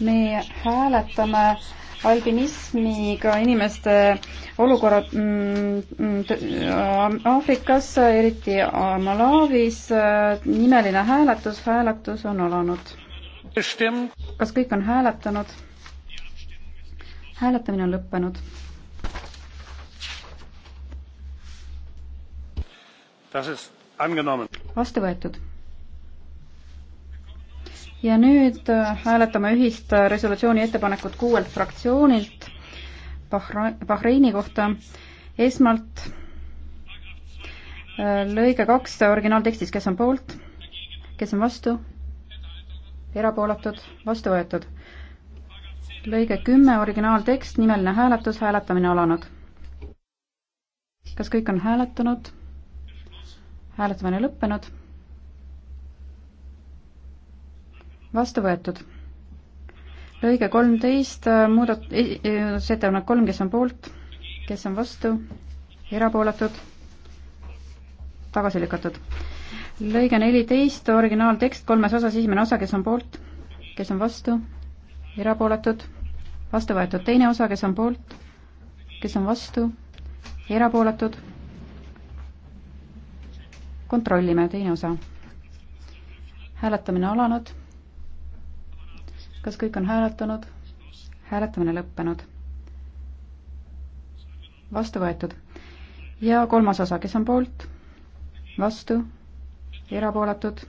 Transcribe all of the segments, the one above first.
me hääletame albinismiga inimeste olukorra mm, mm, äh, Aafrikas, eriti Malawis, nimeline hääletus, hääletus on alanud. kas kõik on hääletanud? hääletamine on lõppenud. vastu võetud ja nüüd äh, hääletame ühist äh, resolutsiooni ettepanekut kuuelt fraktsioonilt Bahreini kohta. esmalt äh, lõige kaks originaaltekstis, kes on poolt, kes on vastu, erapooletud, vastu võetud. lõige kümme originaaltekst, nimeline hääletus, hääletamine alanud. kas kõik on hääletanud? hääletamine lõppenud vastu võetud. lõige kolmteist, äh, muudat-, e, e, ettepanek kolm, kes on poolt, kes on vastu, erapooletud, tagasi lükatud. lõige neliteist, originaaltekst kolmes osas, esimene osa, kes on poolt, kes on vastu, erapooletud, vastu võetud. teine osa, kes on poolt, kes on vastu, erapooletud, kontrollime, teine osa. hääletamine alanud kas kõik on hääletanud? hääletamine lõppenud. vastu võetud. ja kolmas osa, kes on poolt? vastu? erapooletud?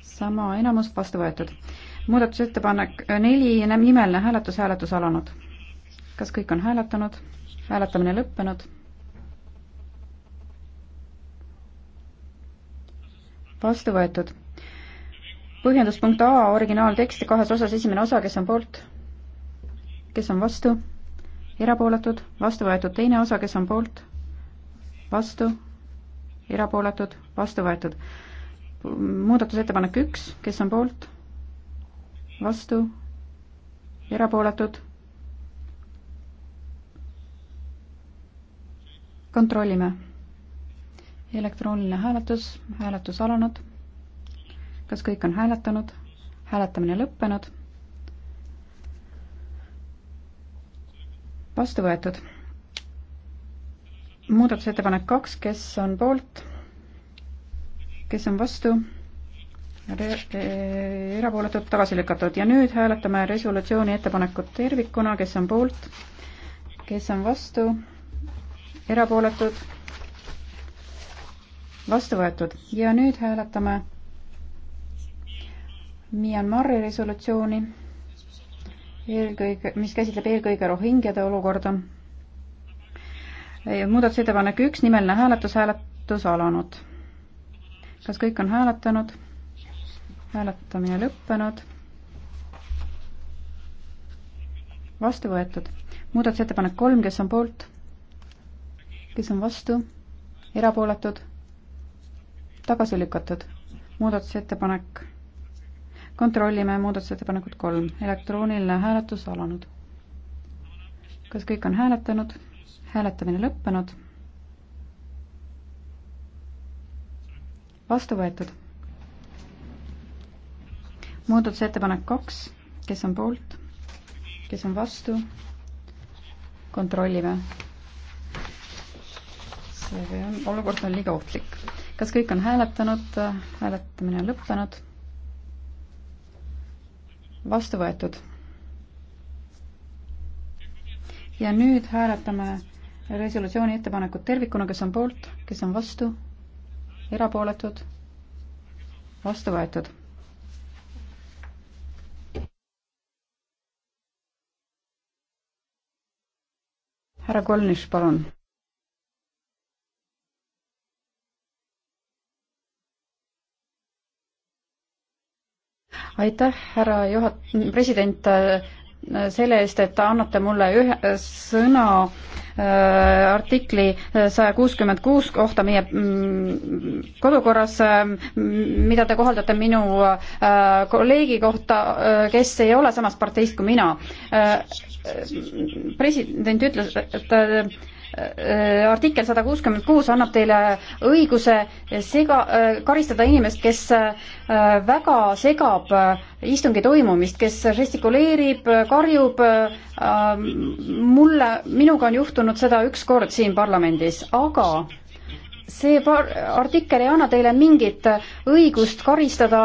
sama enamus, vastu võetud. muudatusettepanek neli, nimeline hääletus, hääletus alanud. kas kõik on hääletanud? hääletamine lõppenud. vastu võetud põhjenduspunkt A originaalteksti kahes osas, esimene osa, kes on poolt, kes on vastu, erapooletud, vastu võetud, teine osa, kes on poolt, vastu, erapooletud, vastu võetud. muudatusettepanek üks, kes on poolt, vastu, erapooletud, kontrollime. elektrooniline hääletus, hääletus alanud kas kõik on hääletanud? hääletamine lõppenud. vastu võetud. muudatusettepanek kaks, kes on poolt? kes on vastu? E-, erapooletud tagasi lükatud ja nüüd hääletame resolutsiooni ettepanekut tervikuna, kes on poolt, kes on vastu, erapooletud, vastu võetud ja nüüd hääletame Myanmari resolutsiooni, eelkõige, mis käsitleb eelkõige rohingjade olukorda. muudatusettepanek üks, nimeline hääletus, hääletus alanud. kas kõik on hääletanud? hääletamine lõppenud. vastu võetud. muudatusettepanek kolm, kes on poolt? kes on vastu? erapooletud? tagasi lükatud. muudatusettepanek kontrollime muudatusettepanekut kolm, elektrooniline hääletus alanud. kas kõik on hääletanud? hääletamine lõppenud. vastu võetud. muudatusettepanek kaks, kes on poolt, kes on vastu, kontrollime. see on, olukord on liiga ohtlik. kas kõik on hääletanud, hääletamine on lõppenud vastu võetud. ja nüüd hääletame resolutsiooni ettepanekut tervikuna, kes on poolt, kes on vastu, erapooletud, vastu võetud härra Kolnis, palun. aitäh, härra juhat-, president, äh, selle eest, et te annate mulle ühe sõna äh, artikli äh, saja kuuskümmend kuus kohta meie mm, kodukorras, mida te kohaldate minu kolleegi kohta, kes ei ole samast parteist kui mina. president ütles, et Äh, artikkel sada kuuskümmend kuus annab teile õiguse sega, äh, karistada inimest, kes äh, väga segab istungi toimumist, kes žestikuleerib, karjub. mulle, minuga on juhtunud seda üks kord siin parlamendis, aga see par-, artikkel ei anna teile mingit õigust karistada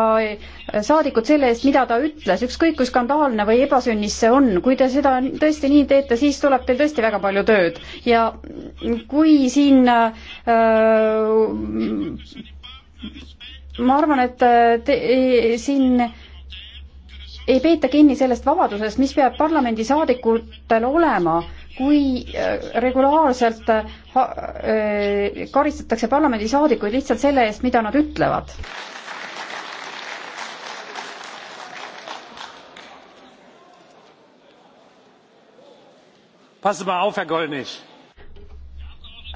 saadikut selle eest, mida ta ütles, ükskõik kui skandaalne või ebasünnis see on, kui te seda tõesti nii teete, siis tuleb teil tõesti väga palju tööd. ja kui siin äh, ma arvan, et äh, te, äh, siin ei peeta kinni sellest vabadusest, mis peab parlamendisaadikutel olema äh, kui äh, regulaarselt äh, äh, karistatakse parlamendisaadikuid lihtsalt selle eest, mida nad ütlevad.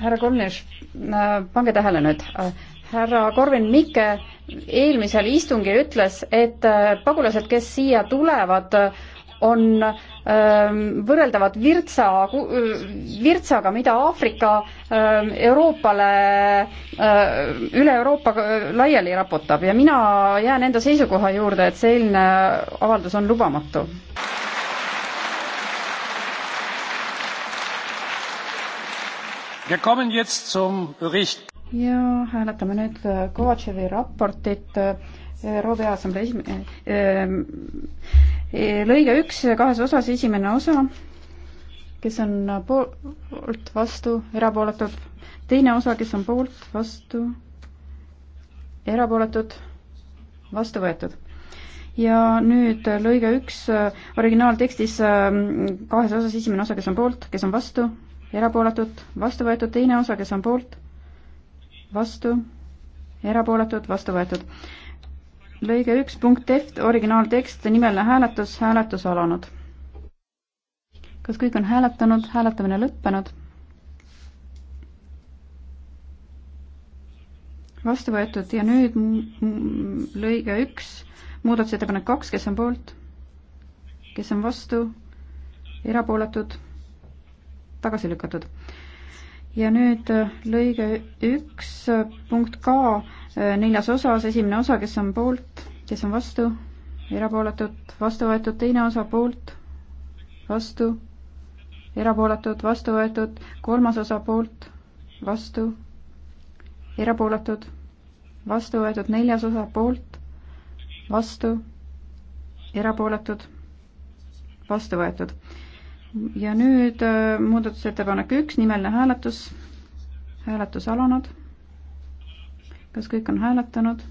härra Kolnis, pange tähele nüüd, härra Korvin Mikke eelmisel istungil ütles, et pagulased, kes siia tulevad, on ähm, võrreldavad virtsa, virtsaga, mida Aafrika ähm, Euroopale, äh, üle Euroopa äh, laiali raputab ja mina jään enda seisukoha juurde, et selline avaldus on lubamatu. ja hääletame nüüd äh, Kovatševi raportit Euroopa Assamblee esimehe ähm, E, lõige üks kahes osas, esimene osa, kes on poolt, vastu, erapooletud, teine osa, kes on poolt, vastu, erapooletud, vastu võetud. ja nüüd lõige üks originaaltekstis kahes osas, esimene osa, kes on poolt, kes on vastu, erapooletud, vastu võetud, teine osa, kes on poolt, vastu, erapooletud, vastu võetud lõige üks punkt F, originaaltekst, nimeline hääletus, hääletus alanud. kas kõik on hääletanud, hääletamine lõppenud? vastu võetud ja nüüd lõige üks, muudatusettepanek kaks, kes on poolt, kes on vastu, erapooletud, tagasi lükatud. ja nüüd äh, lõige üks punkt K neljas osas, esimene osa, kes on poolt, kes on vastu, erapooletud, vastu võetud, teine osa poolt, vastu, erapooletud, vastu võetud, kolmas osa poolt, vastu, erapooletud, vastu võetud, neljas osa poolt, vastu, erapooletud, vastu võetud. ja nüüd muudatusettepanek üks, nimeline hääletus, hääletus alanud kas kõik on hääletanud?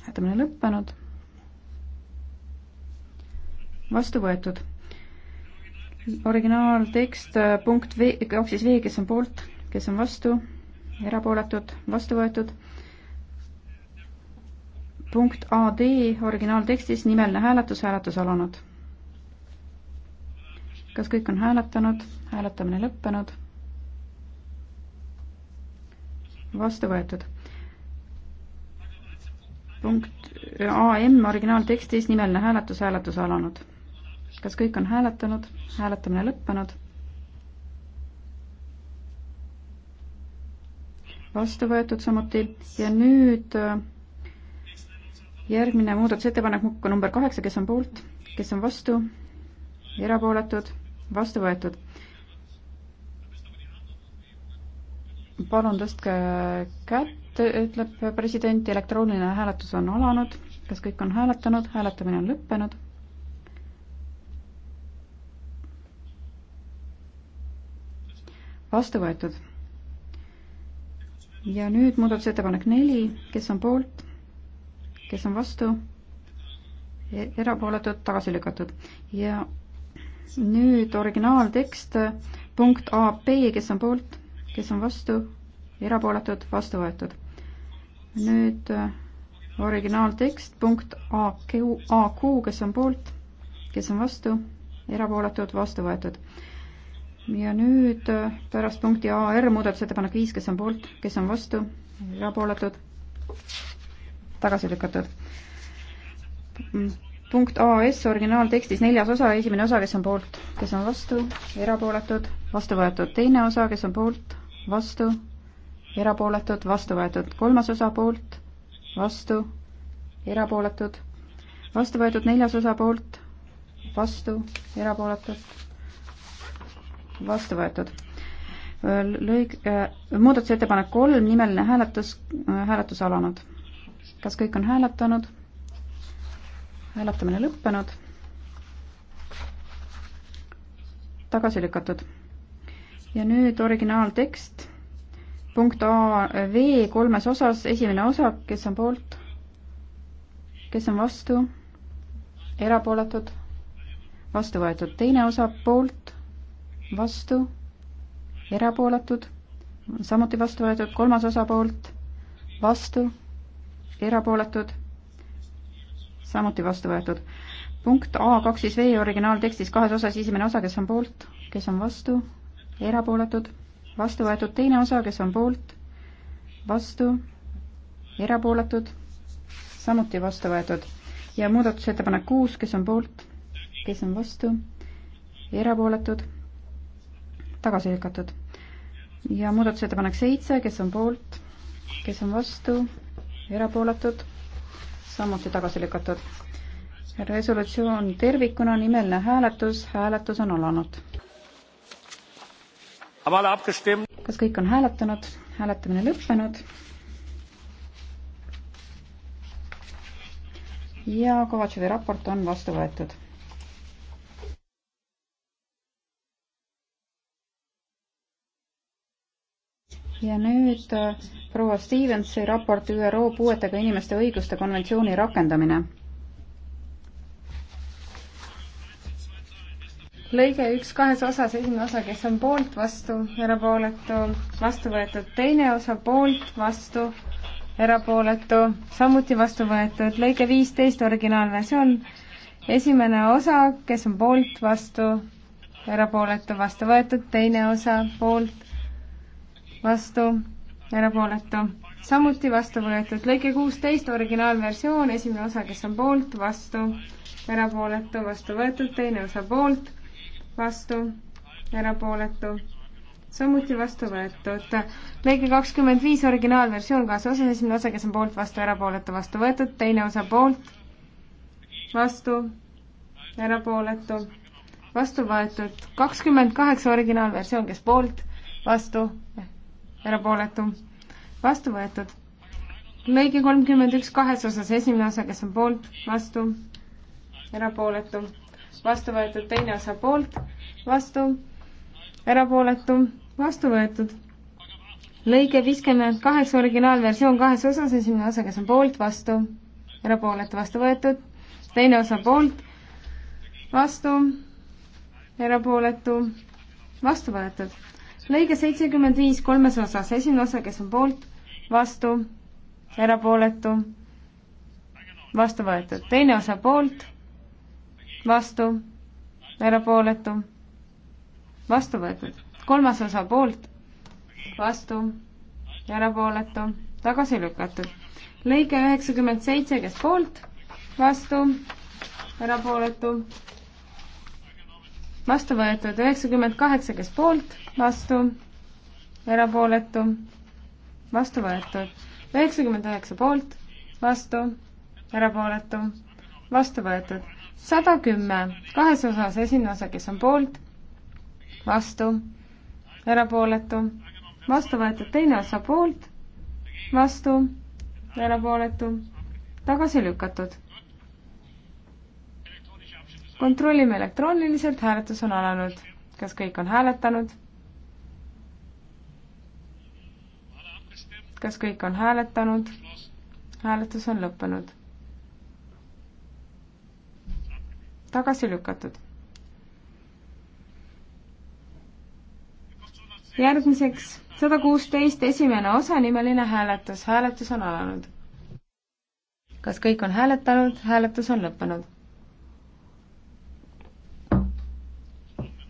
hääletamine lõppenud. vastu võetud. originaaltekst äh, punkt V, kaks siis V, kes on poolt, kes on vastu, erapooletud, vastu võetud. punkt AD originaaltekstis nimeline hääletus, hääletus alanud. kas kõik on hääletanud? hääletamine lõppenud. vastu võetud punkt AM originaaltekstis nimeline hääletus, hääletus alanud. kas kõik on hääletanud, hääletamine lõppenud? vastu võetud samuti ja nüüd äh, järgmine muudatusettepanek number kaheksa, kes on poolt, kes on vastu, erapooletud, vastu võetud palun tõstke kätt, ütleb president, elektrooniline hääletus on alanud. kas kõik on hääletanud, hääletamine on lõppenud? vastu võetud. ja nüüd muudatusettepanek neli, kes on poolt, kes on vastu e, erapooletud, tagasi lükatud ja nüüd originaaltekst punkt AP, kes on poolt kes on vastu, erapooletud, vastu võetud. nüüd äh, originaaltekst punkt AQ, AQ, kes on poolt, kes on vastu, erapooletud, vastu võetud. ja nüüd äh, pärast punkti AR muudatusettepanek viis, kes on poolt, kes on vastu, erapooletud, tagasi lükatud. punkt AS originaaltekstis neljas osa, esimene osa, kes on poolt, kes on vastu, erapooletud, vastu võetud, teine osa, kes on poolt, vastu, erapooletud, vastu võetud. kolmas osa poolt, vastu, erapooletud, vastu võetud. neljas osa poolt, vastu, erapooletud, vastu võetud. lõig- äh,, muudatusettepanek kolm, nimeline hääletus äh,, hääletus alanud. kas kõik on hääletanud? hääletamine lõppenud tagasi lükatud ja nüüd originaaltekst. punkt A V kolmes osas, esimene osa, kes on poolt, kes on vastu, erapooletud, vastu võetud, teine osa poolt, vastu, erapooletud, samuti vastu võetud, kolmas osa poolt, vastu, erapooletud, samuti vastu võetud. punkt A kaks siis V originaaltekstis kahes osas, esimene osa, kes on poolt, kes on vastu erapooletud, vastu võetud teine osa, kes on poolt, vastu, erapooletud, samuti vastu võetud. ja muudatusettepanek kuus, kes on poolt, kes on vastu, erapooletud, tagasi lükatud. ja muudatusettepanek seitse, kes on poolt, kes on vastu, erapooletud, samuti tagasi lükatud. resolutsioon tervikuna, nimeline hääletus, hääletus on alanud kas kõik on hääletanud? hääletamine lõppenud. ja Kovatševi raport on vastu võetud ja nüüd äh, proua Stevensi raport ÜRO puuetega inimeste õiguste konventsiooni rakendamine lõige üks kahes osas, esimene osa, kes on poolt, vastu, erapooletu, vastu võetud, teine osa poolt, vastu, erapooletu, samuti vastu võetud, lõige viisteist, originaalversioon, esimene osa, kes on poolt, vastu, erapooletu, vastu võetud, teine osa poolt, vastu, erapooletu, samuti vastu võetud, lõike kuusteist, originaalversioon, esimene osa, kes on poolt, vastu, erapooletu, vastu võetud, teine osa poolt vastu, erapooletu, samuti vastu võetud. lõige kakskümmend viis, originaalversioon kaasa osas, esimene osa, kes on poolt, vastu, erapooletu, vastu võetud, teine osa poolt, vastu, erapooletu, vastu võetud. kakskümmend kaheksa, originaalversioon, kes poolt, vastu, erapooletu, vastu võetud. lõige kolmkümmend üks, kahes osas, esimene osa, kes on poolt, vastu, erapooletu vastu võetud, teine osa poolt, vastu, erapooletu, vastu võetud. lõige viiskümmend kaheksa, originaalversioon kahes osas, esimene osa, kes on poolt, vastu, erapooletu, vastu võetud, teine osa poolt, vastu, erapooletu, vastu võetud. lõige seitsekümmend viis kolmes osas, esimene osa, kes on poolt, vastu, erapooletu, vastu võetud, teine osa poolt vastu, erapooletu, vastu võetud. kolmas osa poolt, vastu, erapooletu, tagasi lükatud. lõige üheksakümmend seitse, kes poolt, vastu, erapooletu, vastu võetud. üheksakümmend kaheksa, kes poolt, vastu, erapooletu, vastu võetud. üheksakümmend üheksa poolt, vastu, erapooletu, vastu võetud sada kümme, kahes osas esimene osa, kes on poolt, vastu, erapooletu, vastu võetud teine osa poolt, vastu, erapooletu, tagasi lükatud. kontrollime elektrooniliselt, hääletus on alanud. kas kõik on hääletanud? kas kõik on hääletanud? hääletus on lõppenud tagasi lükatud. järgmiseks sada kuusteist esimene osa nimeline hääletus, hääletus on alanud. kas kõik on hääletanud, hääletus on lõppenud.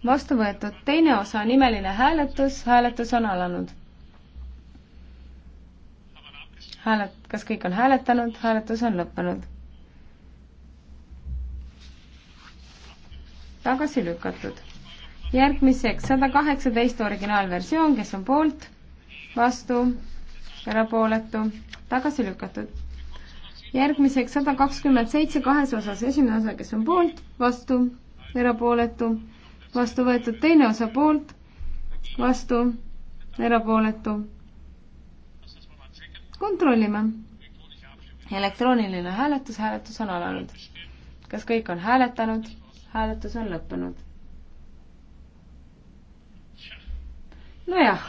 vastu võetud teine osa nimeline hääletus, hääletus on alanud. hääled, kas kõik on hääletanud, hääletus on lõppenud tagasi lükatud. järgmiseks sada kaheksateist originaalversioon, kes on poolt, vastu, erapooletu, tagasi lükatud. järgmiseks sada kakskümmend seitse kahes osas, esimene osa, kes on poolt, vastu, erapooletu, vastu võetud teine osa poolt, vastu, erapooletu. kontrollime. elektrooniline hääletus, hääletus on alanud. kas kõik on hääletanud? hääletus on lõppenud. nojah,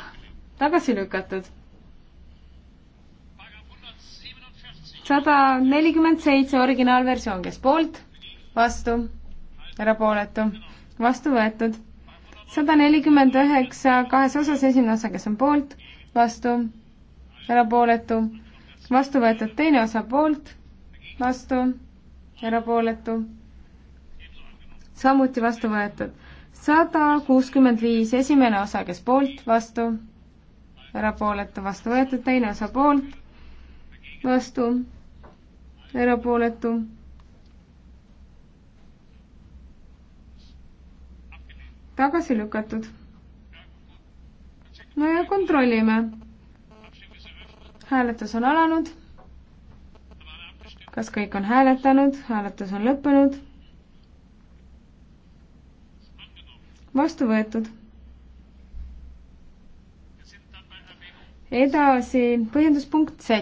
tagasi lükatud. sada nelikümmend seitse originaalversioon, kes poolt, vastu, erapooletu, vastu võetud. sada nelikümmend üheksa kahes osas, esimene osa, kes on poolt, vastu, erapooletu, vastu võetud teine osa poolt, vastu, erapooletu samuti vastu võetud. sada kuuskümmend viis, esimene osa, kes poolt, vastu, erapooletu, vastu võetud, teine osa poolt, vastu, erapooletu. tagasi lükatud. no ja kontrollime. hääletus on alanud. kas kõik on hääletanud, hääletus on lõppenud vastu võetud. edasi põhjenduspunkt Z.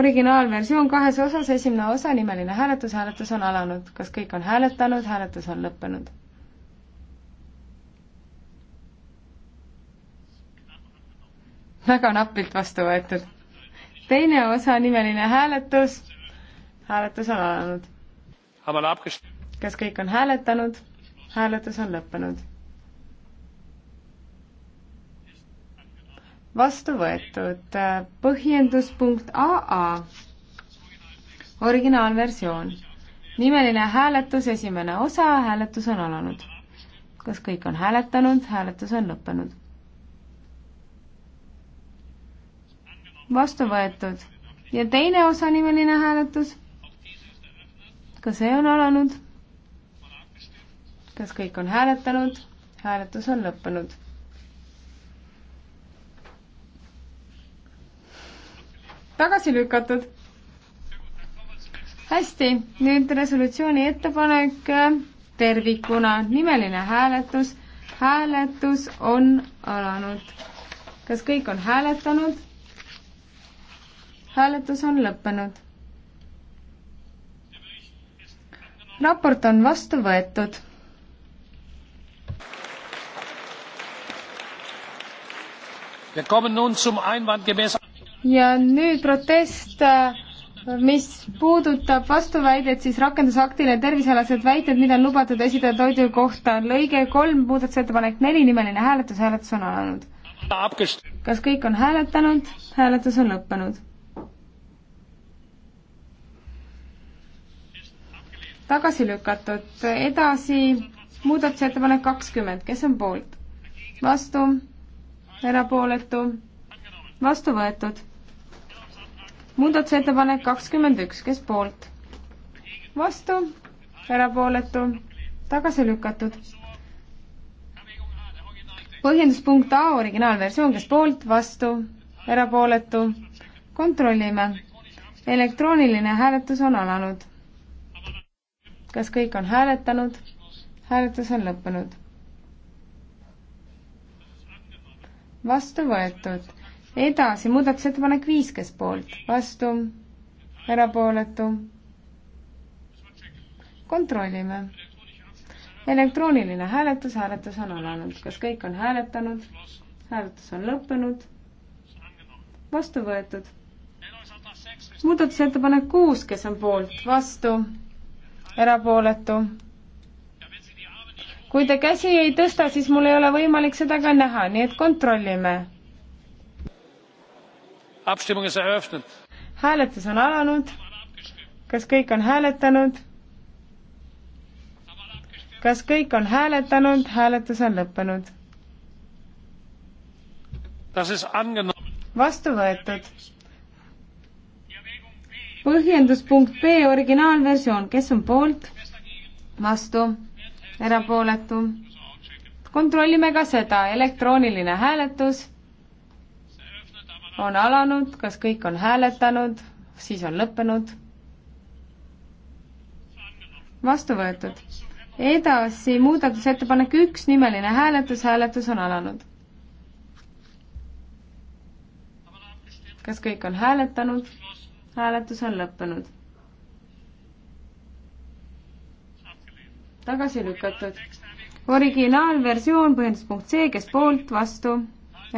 originaalversioon kahes osas, esimene osa, nimeline hääletus, hääletus on alanud. kas kõik on hääletanud, hääletus on lõppenud? väga napilt vastu võetud. teine osa, nimeline hääletus, hääletus on alanud. kas kõik on hääletanud? hääletus on lõppenud. vastu võetud põhjenduspunkt AA, originaalversioon. nimeline hääletus, esimene osa, hääletus on alanud. kas kõik on hääletanud, hääletus on lõppenud. vastu võetud ja teine osanimeline hääletus, ka see on alanud kas kõik on hääletanud? hääletus on lõppenud. tagasi lükatud. hästi, nüüd resolutsiooni ettepanek tervikuna, nimeline hääletus. hääletus on alanud. kas kõik on hääletanud? hääletus on lõppenud. raport on vastu võetud ja nüüd protest, äh, mis puudutab vastuväidet siis rakendusaktile tervisealased väited, mida on lubatud esitada toidu kohta, on lõige kolm, muudatusettepanek neli, nimeline hääletus, hääletus on alanud. kas kõik on hääletanud? hääletus on lõppenud. tagasi lükatud, edasi muudatusettepanek kakskümmend, kes on poolt? vastu erapooletu, vastu võetud. muudatusettepanek kakskümmend üks, kes poolt? vastu, erapooletu, tagasi lükatud. põhjenduspunkt A originaalversioon, kes poolt, vastu, erapooletu, kontrollime. elektrooniline hääletus on alanud. kas kõik on hääletanud? hääletus on lõppenud vastu võetud. edasi, muudatusettepanek viis, kes poolt, vastu, erapooletu. kontrollime. elektrooniline hääletus, hääletus on alanud, kas kõik on hääletanud? hääletus on lõppenud. vastu võetud. muudatusettepanek kuus, kes on poolt, vastu, erapooletu kui te käsi ei tõsta, siis mul ei ole võimalik seda ka näha, nii et kontrollime. hääletus on alanud. kas kõik on hääletanud? kas kõik on hääletanud, hääletus on lõppenud. vastu võetud. põhjenduspunkt B originaalversioon, kes on poolt? vastu erapooletu. kontrollime ka seda, elektrooniline hääletus on alanud, kas kõik on hääletanud, siis on lõppenud. vastu võetud. edasi muudatusettepanek üks, nimeline hääletus, hääletus on alanud. kas kõik on hääletanud? hääletus on lõppenud tagasi lükatud. originaalversioon põhjendus punkt C, kes poolt, vastu,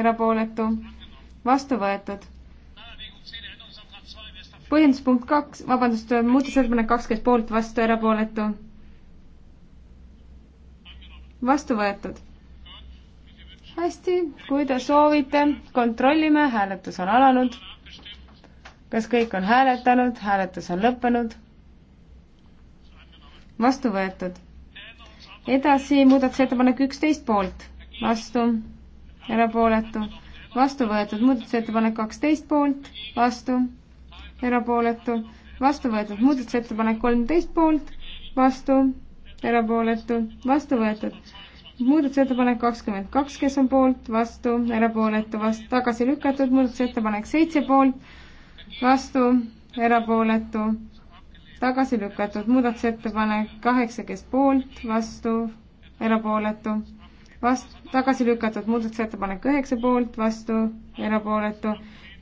erapooletu, vastu võetud. põhjendus punkt kaks, vabandust, muudatusettepanek kaks, kes poolt, vastu, erapooletu, vastu võetud hästi, kui te soovite, kontrollime, hääletus on alanud. kas kõik on hääletanud, hääletus on lõppenud? vastu võetud edasi muudatusettepanek üksteist poolt, vastu, erapooletu, vastu võetud, muudatusettepanek kaksteist poolt, vastu, erapooletu, vastu võetud, muudatusettepanek kolmteist poolt, vastu, erapooletu, vastu võetud muudatusettepanek kakskümmend kaks, kes on poolt, vastu, erapooletu, vastu, tagasi lükatud, muudatusettepanek seitse poolt, vastu, erapooletu, tagasi lükatud muudatusettepanek kaheksa, kes poolt, vastu, erapooletu, vast-, tagasi lükatud muudatusettepanek üheksa poolt, vastu, erapooletu,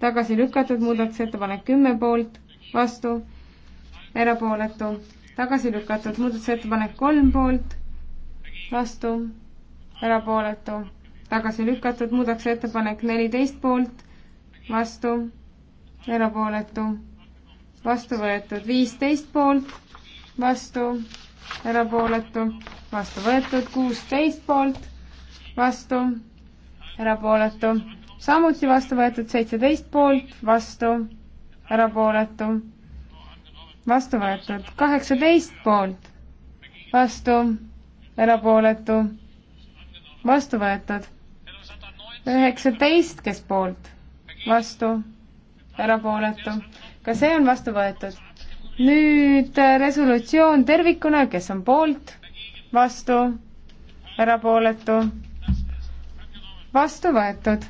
tagasi lükatud muudatusettepanek kümme poolt, vastu, erapooletu, tagasi lükatud muudatusettepanek kolm poolt, vastu, erapooletu, tagasi lükatud muudatusettepanek neliteist poolt, vastu, erapooletu vastu võetud viisteist poolt, vastu, erapooletu, vastu võetud kuusteist poolt, vastu, erapooletu, samuti vastu võetud seitseteist poolt, vastu, erapooletu, vastu võetud kaheksateist poolt, vastu, erapooletu, vastu võetud üheksateist, kes poolt, vastu, erapooletu, ka see on vastu võetud. nüüd äh, resolutsioon tervikuna, kes on poolt, vastu, erapooletu, vastu võetud.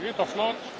Geht auf Nord.